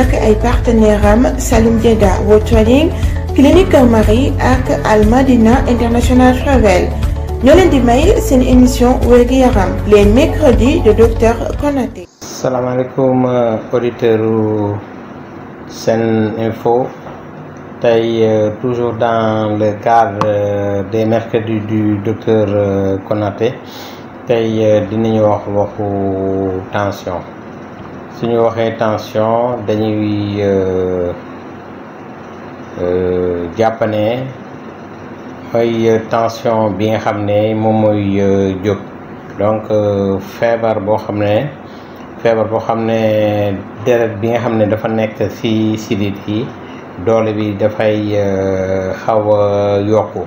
ak ay partenaire am Salim Dieda World Trading Clinique Marie Al Madina International Travel ñoo leen may seen émission wérgu yaram les mercredis de docteur Konaté. salaamaaleykum euh, auditeurs Sen Info tey euh, toujours dans le cadre euh, des mercredis du docteur Konaté tey dinañu wax waxu tension. suñu waxee tension dañuy euh, euh, jàpp ne mooy tension bi nga xam ne moom mooy euh, jóg donc feebar boo xam ne feebar boo xam ne deret bi nga xam ne dafa nekk ci sidit yi doole bi dafay xaw a yokku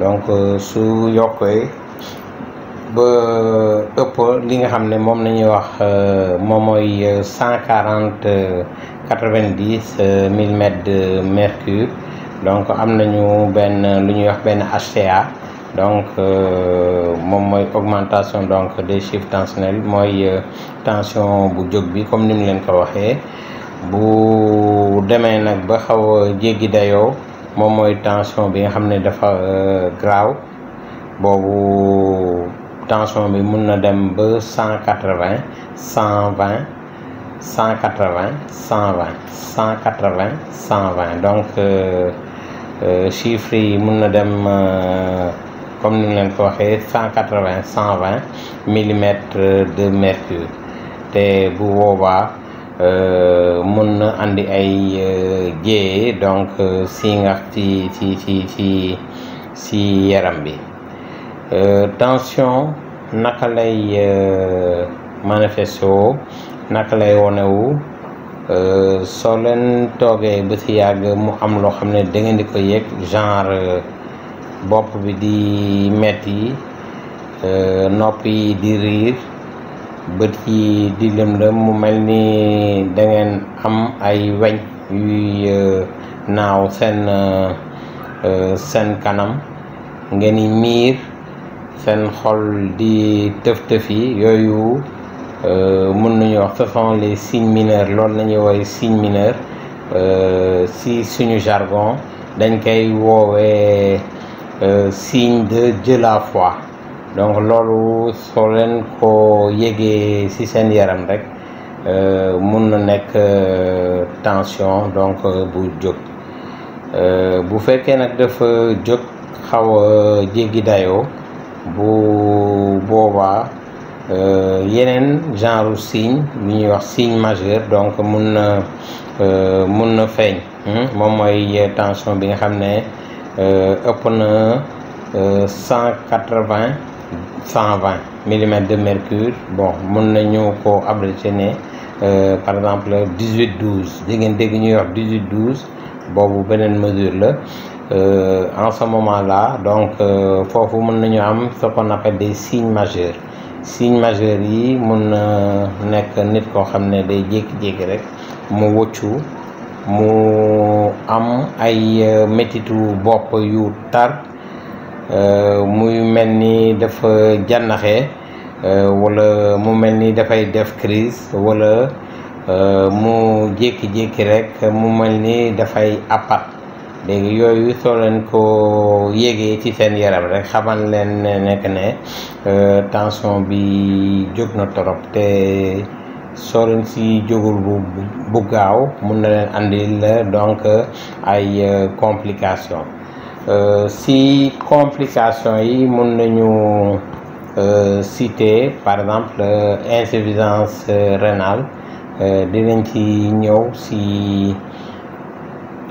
donc su yokkee ba ëpp li nga xam ne moom la ñuy wax euh, moom mooy euh, cent quarante euh, quatre vingt dix de mercure donc am nañu benn lu ñuy wax benn HCA donc moom mooy augmentation donc des chiffres tensionnels mooy tension bu jóg bi comme ni mu leen ko waxee bu demee nag ba xaw a jéggi dayoo moom mooy tension bi nga xam ne dafa graaw boobu. tension bi mun na dem ba cent quatre-vingt cent vingt cent quatre-vingt cent vingt cent quatre-vingt cent vingt donc euh, euh, chiffres yi mun na dem euh, comme ni leen ko waxee cent quatre-vingt cent vingt millimètres de mercure te bu boobaa mun na indi ay jéyee donc si nga ci ci ci ci si yaram bi tension naka lay euh, manifesté woo naka lay wone wu euh, soo leen toogee ba si yàgg mu am loo xam ne dangeen di ko yëg genre euh, bopp bi di metti nopp yi di riir bët yi di lëmlëm mu mel ni da ngeen am ay weñ yuy naaw seen seen kanam ngeen miir. seen xol di tëf-tëf yi yooyu euh, mun nañu wax ce sont les signes mineurs loolu la ñuy mineur euh, si suñu jargon dañ koy woowee euh, signe de Dieu la foi donc loolu soo leen ko yégee ci seen yaram rek mun na nekk tension donc bu jóg bu fekkee nag dafa jóg xawa a jéggi dayoo bu boobaa euh, yeneen genre signe bi ñuy wax signe majeur donc mun na euh, mun na feeñ hmm? moom mooy euh, tension bi nga xam ne ëpp na cent quatre-vingt cent vingt millimètres de mercure bon mun nañu ko abrégé ne par exemple dix-huit douze di ngeen dégg ñuy wax dix-huit douze boobu beneen mesure la Euh, en ce moment là donc euh, foofu mën nañu am ce qu'on appelle des signes majeurs signes majeurs yi mën na nekk nit koo xam ne day jékki-jékki rek mu wëccu mu am ay euh, métitu bopp yu tar muy mel ni dafa jànnaxee wala mu mel nii dafay def crise wala mu jékki-jékki rek mu mel ni dafay apat léegi yooyu soo leen ko yéegee ci seen yaram rek xaman leen ne nekk ne euh, tension bi jóg na torop te soo leen si jógul bu bu gaaw mun na leen andil donc ay euh, complications euh, si complications yi mun nañu citer par exemple insuffisance rénale dinañ ci ñëw si.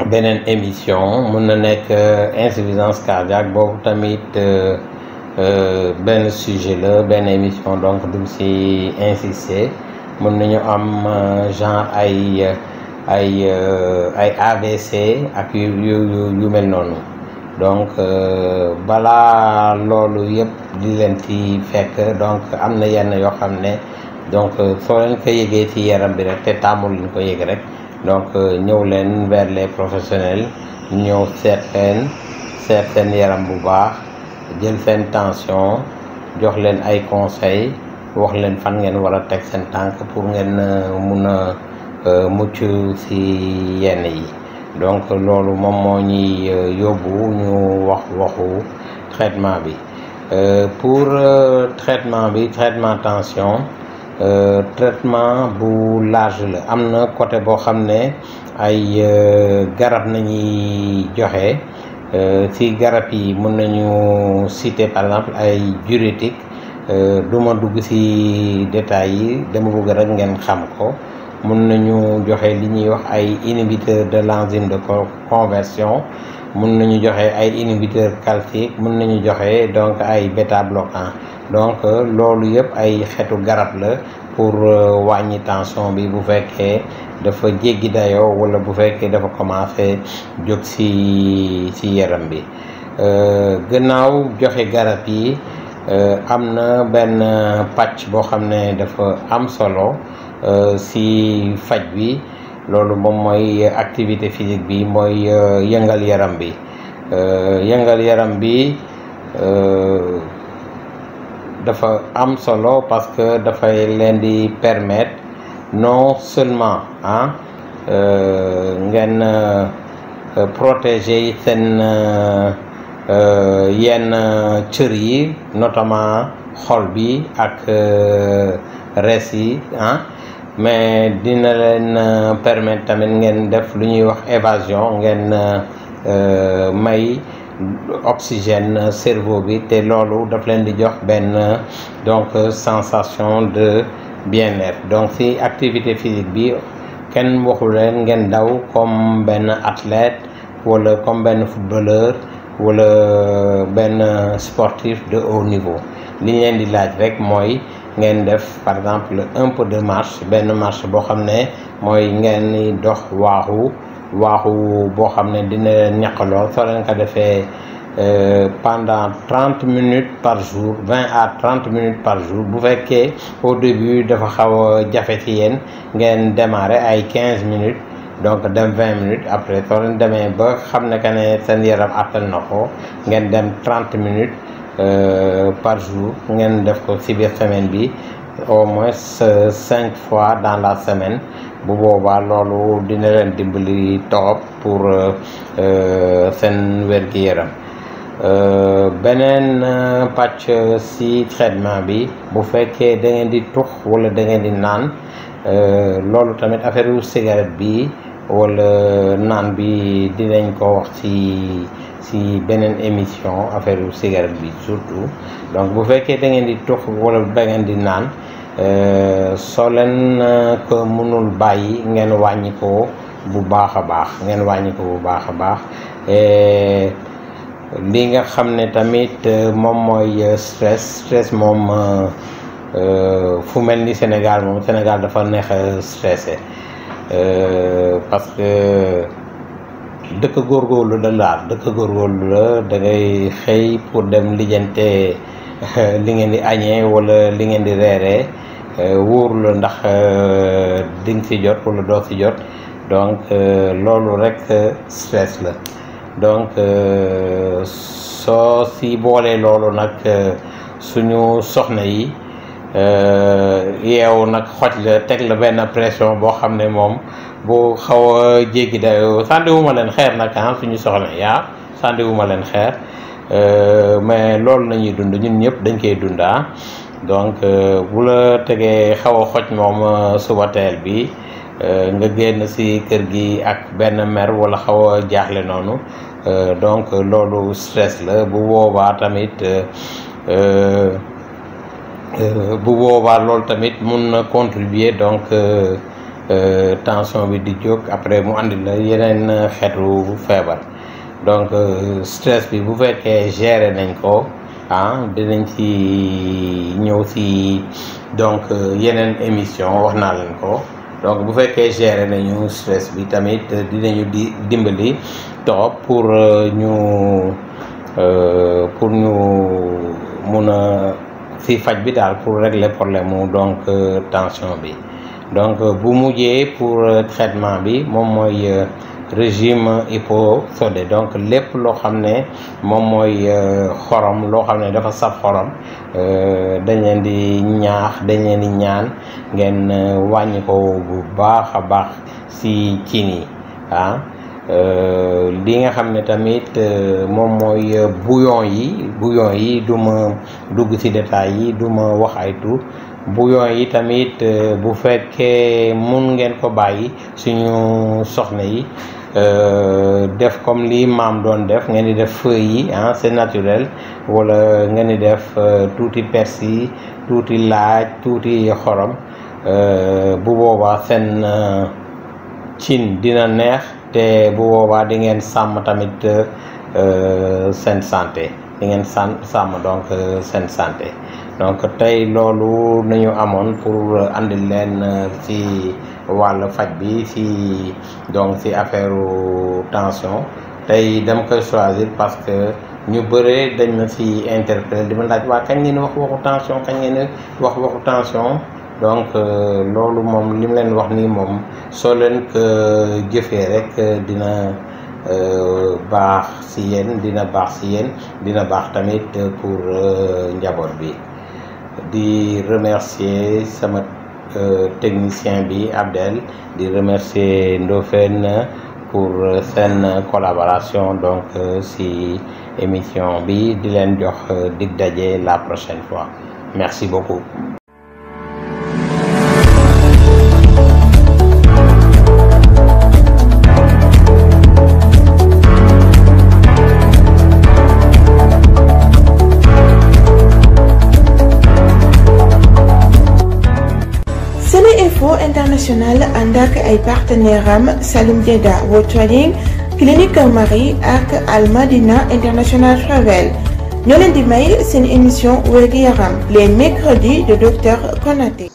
beneen émission mun na nekk euh, insuffisance cardiaque boobu tamit euh, euh, benn sujet la benn émission donc duñ si insister mun nañu am genre ay ay ay AVC ak yu yu yu mel noonu donc balaa loolu yëpp di leen ci fekk donc am na yenn yoo xam ne donc soo leen ko yëgee ci yaram bi rek te taamul leen ko yëg rek. donc euh, ñëw leen vers les professionnels ñëw seet leen seet seen yaram bu baax jël seen tension jox leen ay conseils wax leen fan ngeen war teg seen tànk pour ngeen euh, mun a euh, mucc ci yenn yi donc loolu moom moo ñuy yóbbu ñu wax waxu traitement bi pour traitement bi traitement tension Euh, traitement bu large la am na côté boo xam ne ay euh, garab nañuy joxe euh, ci garab yi mën nañu citer par exemple ay diurétique du ma dugg ci détails yi dama bëgg rek ngeen xam ko mën nañu joxe li ñuy wax ay inhibiteur de l'enzyme de conversion mun nañu joxe ay inhibiteur calcique mën nañu joxe donc ay bêta bloquant donc euh, loolu yëpp ay xeetu garab la pour euh, wàññi tension bi bu fekkee dafa jéggi dayoo wala bu fekkee dafa commencé jóg ci ci yaram bi euh, gannaaw joxe garab yi am na benn pàcc boo xam ne dafa am solo ci faj bi loolu moom mooy activité physique bi mooy yëngal yaram bi yëngal yaram bi. dafa am solo parce que dafay leen di permettre non seulement ah ngeen euh, protéger seen euh, yenn cër yi notamment xol bi ak res yi mais dina leen permettre tamit ngeen def lu ñuy wax évasion ngeen may oxygène cerveau bi te loolu daf leen di jox benn donc sensation de bien-être donc si activité physique bi kenn waxu leen ngeen daw comme benn athlète wala comme benn footballeur wala euh, benn sportif de haut niveau li leen di laaj rek mooy ngeen def par exemple un peu de marche benn marche boo xam ne mooy ngeen dox waaxu waaxu boo xam ne dina ñaqaloo soo leen ko defee euh, pendant trente minutes par jour vingt à trente minutes par bu fekkee au début dafa xaw a jafe ci yéen ngeen démarrer ay quinze minutes donc dem vingt minutes après soo leen demee ba xam ne que ne seen yaram attan na ko ngeen dem trente minutes euh, par jour ngeen def ko ci biir semaine bi au moins cinq fois dans la semaine. bu boobaa loolu dina leen dimbali torop pour euh, euh, seen wér-gi-yaram euh, beneen pàcc si traitement bi bu fekkee da ngeen di tux wala da ngeen di naan loolu tamit affaire yu cigarette bi wala naan bi dinañ ko wax ci si beneen émission affaire yu cigarette bi surtout donc bu fekkee da ngeen di tux wala da ngeen di naan Euh, soo leen euh, ko mënul bàyyi ngeen wàññikoo bu baax a baax ngeen wàññi bu baax a baax li nga xam ne tamit euh, moom mooy stress stress moom fu mel ni Sénégal moom Sénégal dafa neex a stressé parce que dëkk góorgóorlu la daal dëkk góorgóorlu la da ngay xëy pour dem lijjante li ngeen di añee walla li ngeen di reere Euh, wóoru la ndax euh, di nga si jot wala doo si jot donc euh, loolu rek stress la donc soo si boolee loolu nag suñu soxna yi yeewu nag xoj la teg la benn pression boo xam ne moom bu xaw a jéggi dayoo sàndiwuma leen xeer nag ah suñu soxna yaa ah, sàndiwuma leen xeer mais loolu la ñuy dund ñun ñëpp dañ koy dund ah donc euh, bu la tegee xaw a xoj moom euh, suba teel bi euh, nga génn si kër gi ak benn mer wala xaw jaaxle noonu donc loolu stress la bu boobaa tamit bu boobaa loolu tamit mun na contribuer donc tension bi di jóg après mu àndi la yeneen xeetu feebar donc stress bi bu fekkee gere nañ ko. ah dinañ ci ñëw ci donc yeneen émission wax naa lañ ko donc bu fekkee gérer nañu stress bi tamit dinañu di dimbali trop pour euh, ñu euh, pour ñu mun a ci faj bi daal pour régler problème mu donc euh, tension bi donc bu mujjee pour traitement bi moom mooy. régime hyposodé donc lépp loo xam ne moom mooy euh, xorom loo xam ne dafa saf xorom euh, dañ leen di ñaax dañ leen di ñaan ngeen euh, wàññi ko bu baax a baax si cin yi ah li nga xam ne tamit moom mooy bouillon yi bouillon yi du ma dugg si détails yi du ma wax ay tur yi tamit bu fekkee mun ngeen ko bàyyi suñu soxna yi Euh, def comme li maam doon def ngeen di def feuilles yi ah c'est naturel wala ngeen di def euh, tuuti persil tuuti laaj tuuti xorom euh, bu boobaa seen cin dina neex te bu boobaa dingeen sàmm tamit seen santé. di ngeen sàmm donc euh, seen santé donc tey loolu nañu amoon pour andi leen euh, ci wàll faj bi ci donc ci affaire tension tey dama koy choisir parce que ñu bëree dañ na ci interpellé di ma laaj waa kañ ngeen wax waxu tension kañ ngeen wax waxu tension donc euh, loolu moom li mu leen wax nii moom soo leen ko jëfee rek dina Euh, baax si yéen dina baax si yéen dina baax tamit pour euh, njaboot bi di remercier sama euh, technicien bi Abdel di remercier Ndofène pour seen collaboration donc si émission bi di leen jox dig daje la prochaine fois merci beaucoup International ànd ak ay partenaire am Salim Dieda World Trading Clinique Marie ak Al Madina International Travel ñoo leen di may seen émission wér-gu-yaram les mercredis de docteur Konaté